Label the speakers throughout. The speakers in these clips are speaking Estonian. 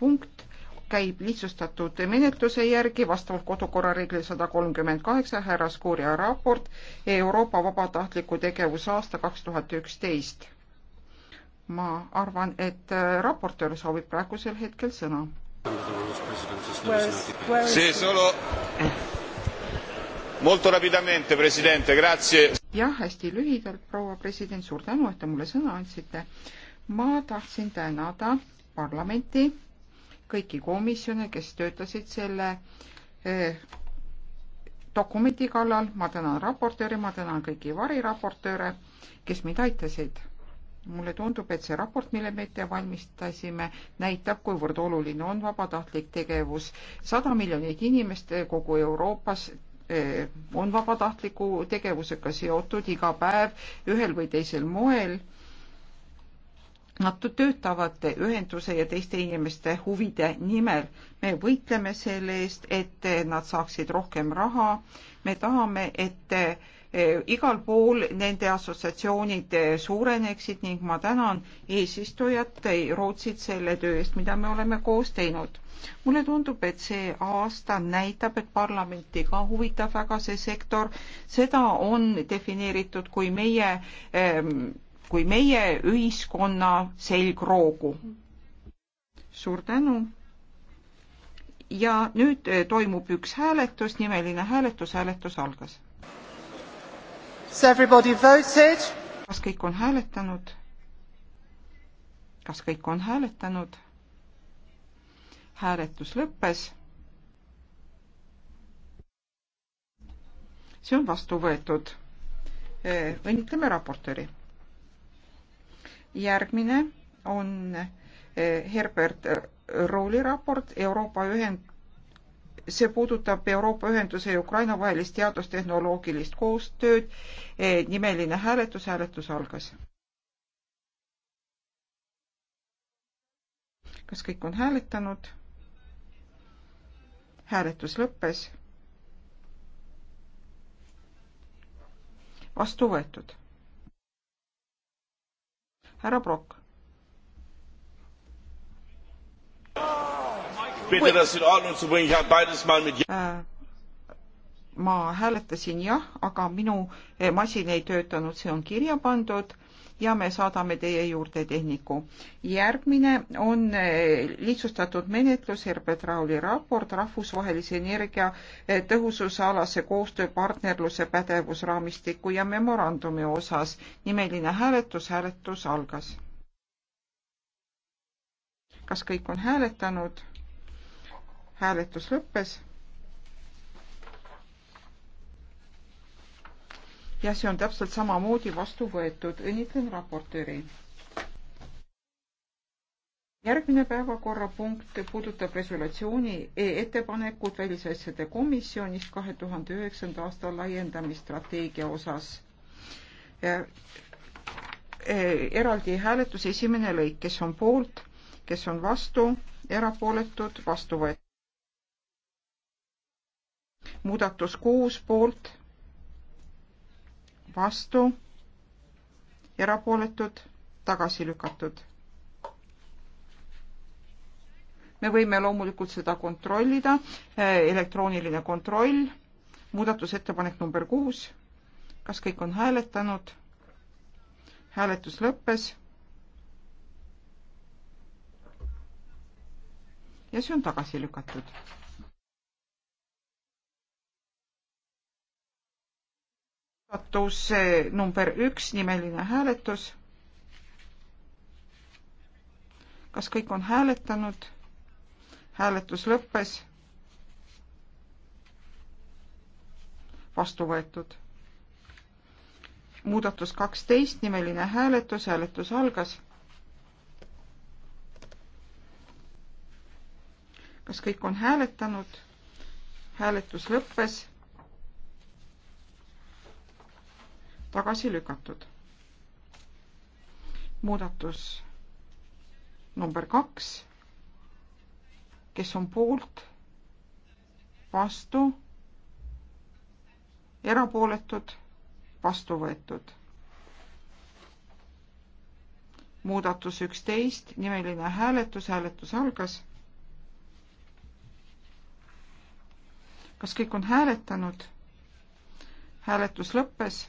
Speaker 1: punkt käib lihtsustatud menetluse järgi vastavalt kodukorra reeglile sada kolmkümmend kaheksa härra Skuuria raport Euroopa vabatahtliku tegevuse aasta kaks tuhat üksteist. ma arvan, et äh, raportöör soovib praegusel hetkel sõna. jah, hästi lühidalt, proua president, suur tänu, et te mulle sõna andsite. ma tahtsin tänada parlamenti kõiki komisjone, kes töötasid selle eh, dokumendi kallal, ma tänan raportööri, ma tänan kõiki variraportööre, kes mind aitasid. mulle tundub, et see raport, mille me ette valmistasime, näitab, kuivõrd oluline on vabatahtlik tegevus. sada miljonit inimest kogu Euroopas eh, on vabatahtliku tegevusega seotud iga päev ühel või teisel moel Nad töötavad ühenduse ja teiste inimeste huvide nimel. me võitleme selle eest, et nad saaksid rohkem raha. me tahame, et eh, igal pool nende assotsiatsioonid eh, suureneksid ning ma tänan eesistujat eh, Rootsit selle töö eest, mida me oleme koos teinud. mulle tundub, et see aasta näitab, et parlamenti ka huvitab väga see sektor. seda on defineeritud kui meie ähm, kui meie ühiskonna selgroogu. suur tänu. ja nüüd eh, toimub üks hääletus, nimeline hääletus, hääletus algas. kas kõik on hääletanud? kas kõik on hääletanud? hääletus lõppes. see on vastu võetud. Eh, õnnitleme raportööri järgmine on eh, Herbert Rooli raport Euroopa ühend-, see puudutab Euroopa Ühenduse ja Ukraina vahelist teadustehnoloogilist koostööd. Eh, nimeline hääletus, hääletus algas. kas kõik on hääletanud? hääletus lõppes. vastu võetud härra Brock. bitte das in Ordnung zu bringen. Ich habe beides mal mit äh, ma hääletasin jah, aga minu eh, masin ei töötanud, see on kirja pandud ja me saadame teie juurde tehniku. järgmine on eh, lihtsustatud menetlus, Herbert Rauli raport rahvusvahelise energiatõhususe eh, alase koostöö partnerluse pädevusraamistiku ja memorandumi osas. nimeline hääletus, hääletus algas. kas kõik on hääletanud? hääletus lõppes ja see on täpselt samamoodi vastu võetud. õnnitlen raportööri. järgmine päevakorrapunkt puudutab resolutsiooni e ettepanekut Välisasjade komisjonist kahe tuhande üheksanda aasta laiendamisstrateegia osas. E, eraldi hääletus, esimene lõik, kes on poolt, kes on vastu, erapooletud, vastu võetud. muudatus kuus poolt vastu, erapooletud, tagasi lükatud. me võime loomulikult seda kontrollida, elektrooniline kontroll, muudatusettepanek number kuus, kas kõik on hääletanud? hääletus lõppes ja see on tagasi lükatud. muudatus number üks, nimeline hääletus. kas kõik on hääletanud? hääletus lõppes. vastu võetud. muudatus kaksteist, nimeline hääletus, hääletus algas. kas kõik on hääletanud? hääletus lõppes tagasi lükatud. muudatus number kaks, kes on poolt, vastu, erapooletud, vastu võetud. muudatus üksteist, nimeline hääletus, hääletus algas kas kõik on hääletanud? hääletus lõppes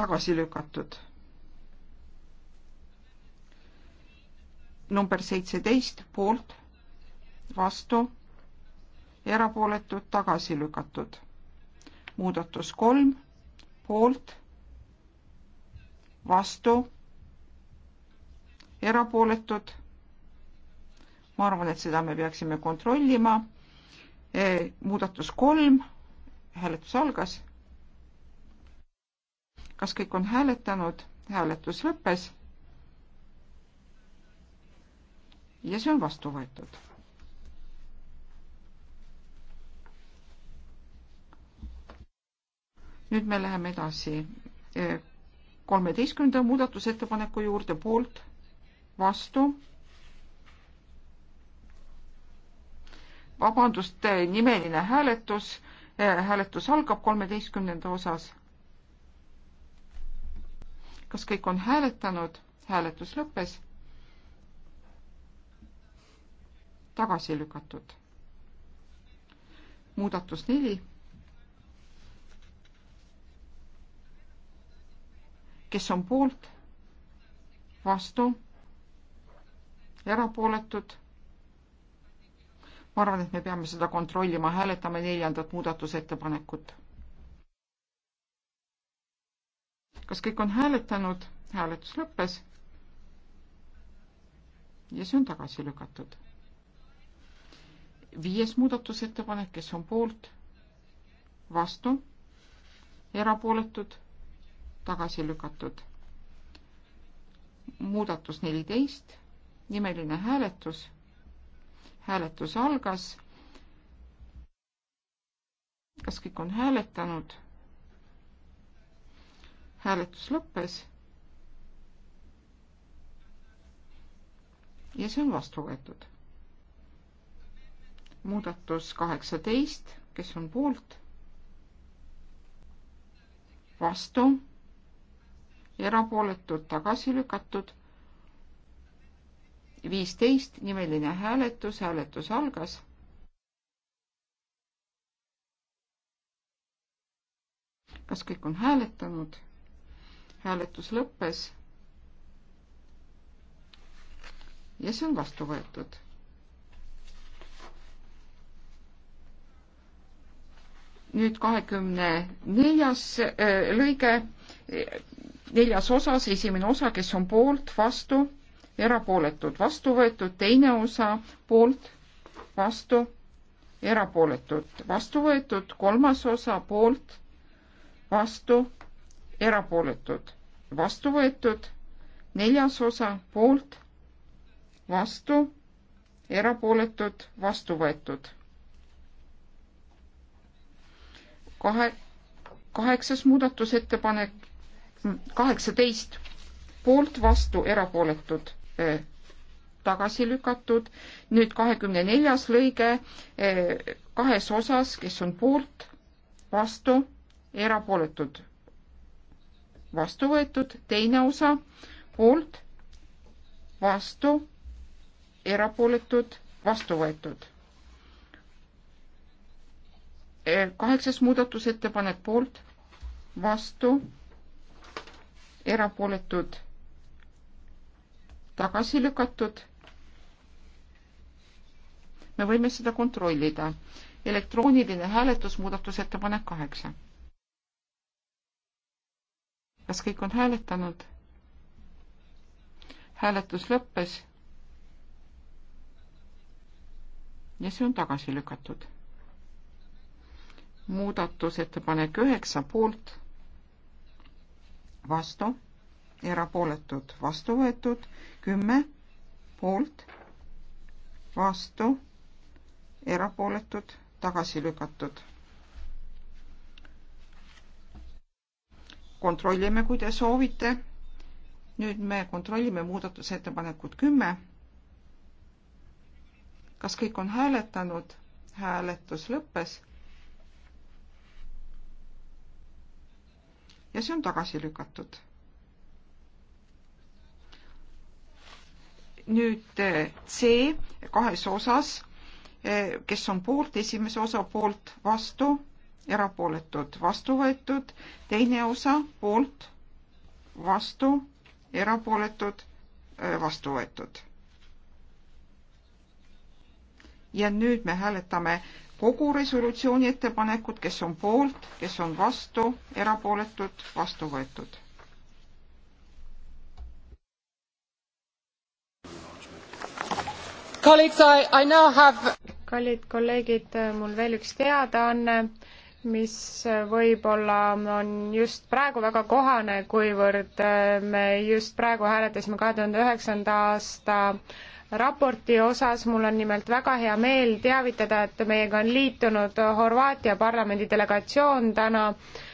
Speaker 1: tagasi lükatud. number seitseteist poolt, vastu, erapooletud, tagasi lükatud. muudatus kolm poolt, vastu, erapooletud. ma arvan, et seda me peaksime kontrollima. muudatus kolm, hääletus algas kas kõik on hääletanud? hääletus lõppes. ja see on vastu võetud. nüüd me läheme edasi eh, kolmeteistkümnenda muudatusettepaneku juurde, poolt, vastu vabandust, eh, nimeline hääletus, eh, hääletus algab kolmeteistkümnenda osas kas kõik on hääletanud? hääletus lõppes. tagasi lükatud. muudatus neli. kes on poolt? vastu? erapooletud? ma arvan, et me peame seda kontrollima, hääletame neljandat muudatusettepanekut kas kõik on hääletanud? hääletus lõppes. ja see on tagasi lükatud. viies muudatusettepanek, kes on poolt, vastu, erapooletud, tagasi lükatud. muudatus neliteist, nimeline hääletus. hääletus algas. kas kõik on hääletanud? hääletus lõppes. ja see on vastu võetud. muudatus kaheksateist, kes on poolt? vastu, erapooletud, tagasi lükatud. viisteist nimeline hääletus, hääletus algas. kas kõik on hääletanud? hääletus lõppes. ja see on vastu võetud. nüüd kahekümne neljas äh, lõige, neljas osas, esimene osa, kes on poolt, vastu, erapooletud, vastu võetud, teine osa poolt, vastu, erapooletud, vastu võetud, kolmas osa poolt, vastu erapooletud, vastu võetud, neljas osa poolt, vastu, erapooletud, vastu võetud. kahe, kaheksas muudatusettepanek, kaheksateist poolt, vastu, erapooletud eh,, tagasi lükatud. nüüd kahekümne neljas lõige eh, kahes osas, kes on poolt, vastu, erapooletud vastu võetud, teine osa poolt, vastu, erapooletud, vastu võetud. E, kaheksas muudatusettepanek poolt, vastu, erapooletud, tagasi lükatud. me võime seda kontrollida. elektrooniline hääletus, muudatusettepanek kaheksa kas kõik on hääletanud? hääletus lõppes ja see on tagasi lükatud. muudatusettepanek üheksa poolt, vastu, erapooletud, vastu võetud, kümme poolt, vastu, erapooletud, tagasi lükatud kontrollime, kui te soovite. nüüd me kontrollime muudatusettepanekut kümme. kas kõik on hääletanud? hääletus lõppes. ja see on tagasi lükatud. nüüd eh, C kahes osas, eh, kes on poolt, esimese osa poolt, vastu erapooletud, vastu võetud, teine osa poolt, vastu, erapooletud, äh, vastu võetud. ja nüüd me hääletame kogu resolutsiooni ettepanekut, kes on poolt, kes on vastu, erapooletud, vastu võetud kallid kolleegid mul veel üks teadaanne mis võib-olla on just praegu väga kohane, kuivõrd äh, me just praegu hääletasime kahe tuhande üheksanda aasta raporti osas, mul on nimelt väga hea meel teavitada, et meiega on liitunud Horvaatia parlamendi delegatsioon täna äh,